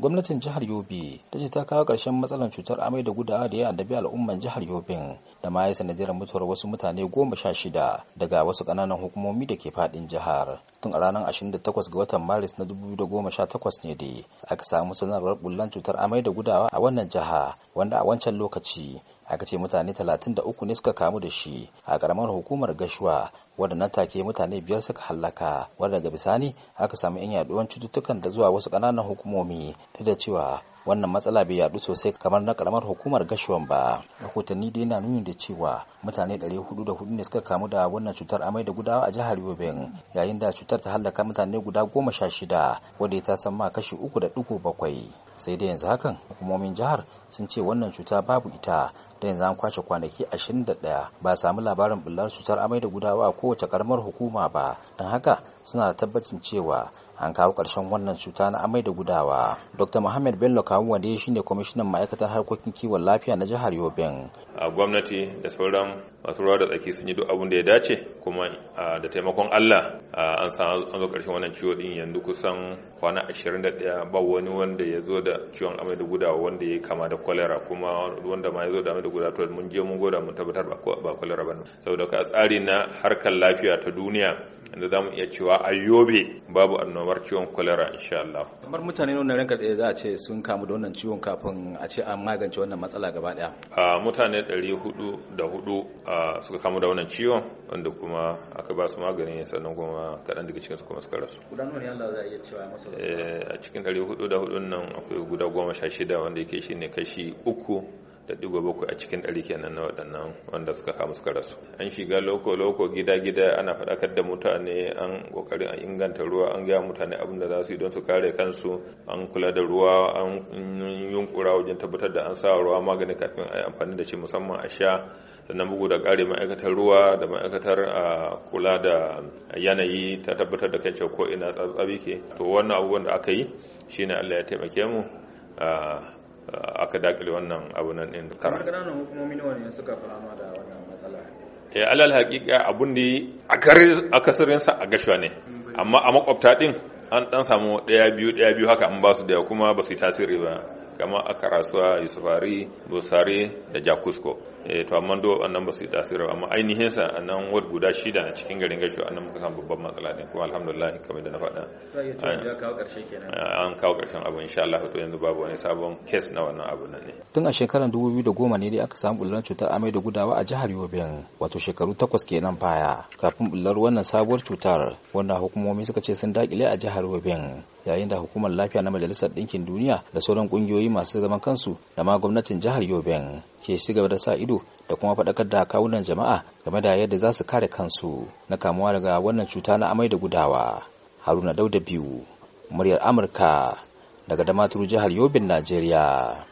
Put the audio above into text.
gwamnatin jihar yobe ta ce ta kawo ƙarshen matsalar cutar amai da gudawa da ya addabi al'umman jihar yobin da ma ya sanadiyar mutuwar wasu mutane goma sha shida daga wasu ƙananan hukumomi da ke faɗin jihar tun a ranar 28 ga watan maris na 2018 ne dai aka samu sanarwar bullan cutar amai da gudawa a wannan jiha wanda a wancan lokaci aka ce mutane 33 ne suka kamu da shi a karamar hukumar gashuwa wadda nan take mutane biyar suka hallaka wadda daga bisani aka samu yan yaduwan cututtukan da zuwa wasu kananan hukumomi ta da cewa wannan matsala bai yadu sosai kamar na karamar hukumar gashuwan ba rahotanni dai na nuni da cewa mutane 404 ne suka kamu da wannan cutar amai da gudawa a jihar yobin yayin da cutar ta hallaka mutane guda goma sha shida wadda ta san ma kashi uku da duku bakwai sai dai yanzu hakan hukumomin jihar sun ce wannan cuta babu ita da yanzu an kwashe kwanaki 21 ba samu labarin bullar cutar amai da gudawa a kowace karamar hukuma ba don haka suna da tabbacin cewa an kawo ƙarshen wannan cuta na amai da gudawa dr muhammad bello wanda ya shine kwamishinan ma'aikatar harkokin kiwon lafiya na jihar yobin a gwamnati da sauran masu ruwa da tsaki sun yi duk abin da ya dace kuma da taimakon Allah an san an zo karshen wannan ciwo din yanzu kusan kwana 21 ba wani wanda ya zo da ciwon amai da gudawa wanda ya kama da kwalera kuma wanda ma ya zo da amai da gudawa to mun je mun goda mun tabbatar ba kwalera ba saboda ka tsari na harkar lafiya ta duniya yanzu za mu iya cewa a yobe babu annobar ciwon kwalera insha Allah kamar mutane nuna ranka da za a ce sun kamu da wannan ciwon kafin a ce an magance wannan matsala gaba daya mutane 404 suka kamu da wannan ciwon wanda kuma aka ba su magani sannan kuma kaɗan daga cikinsu kuma suka rasu eh, a cikin da 404 nan akwai guda goma sha shida wanda yake shi ne kashi uku da bakwai a cikin ɗari kenan na waɗannan wanda suka kama suka rasu an shiga loko loko gida gida ana faɗakar da mutane an ƙoƙari an inganta ruwa an gaya mutane abin da za su yi don su kare kansu an kula da ruwa an yunkura wajen tabbatar da an sa ruwa magani kafin a yi amfani da shi musamman a sha sannan bugu da ƙari ma'aikatar ruwa da ma'aikatar kula da yanayi ta tabbatar da kan ko ina tsatsabi ke to wannan abubuwan da aka yi shine Allah ya taimake mu aka dakile wannan abu nan din kara nan hukumomi ne ne suka fama da wannan matsala eh alal haqiqa abun da akasarin sa a gashuwa ne amma a makwabta din an dan samu daya biyu daya biyu haka an ba su da kuma ba su yi tasiri ba kama a karasuwa yusufari busari da jakusko Eh, to amma do annan ba su yi tasiri amma ainihin sa annan ward guda shida a cikin garin gashi annan muka samu babban matsala ne kuma alhamdulillah kamar da na faɗa eh, an kawo karshen abu insha Allah to yanzu babu wani sabon case na wannan abu nan ne tun a shekarar 2010 ne dai aka samu bullar cutar amai da gudawa a jihar Yobe wato shekaru takwas kenan baya kafin bullar wannan sabuwar cutar wanda hukumomi suka ce sun dakile a jihar Yobe yayin da hukumar lafiya na majalisar ɗinkin duniya da sauran ƙungiyoyi masu zaman kansu da ma gwamnatin jihar Yobe ke ci gaba da sa ido da kuma faɗakar da kawunan jama'a game da yadda za su kare kansu na kamuwa daga wannan cuta na amai da gudawa haruna dauda biyu muryar amurka daga damaturu jihar yobin najeriya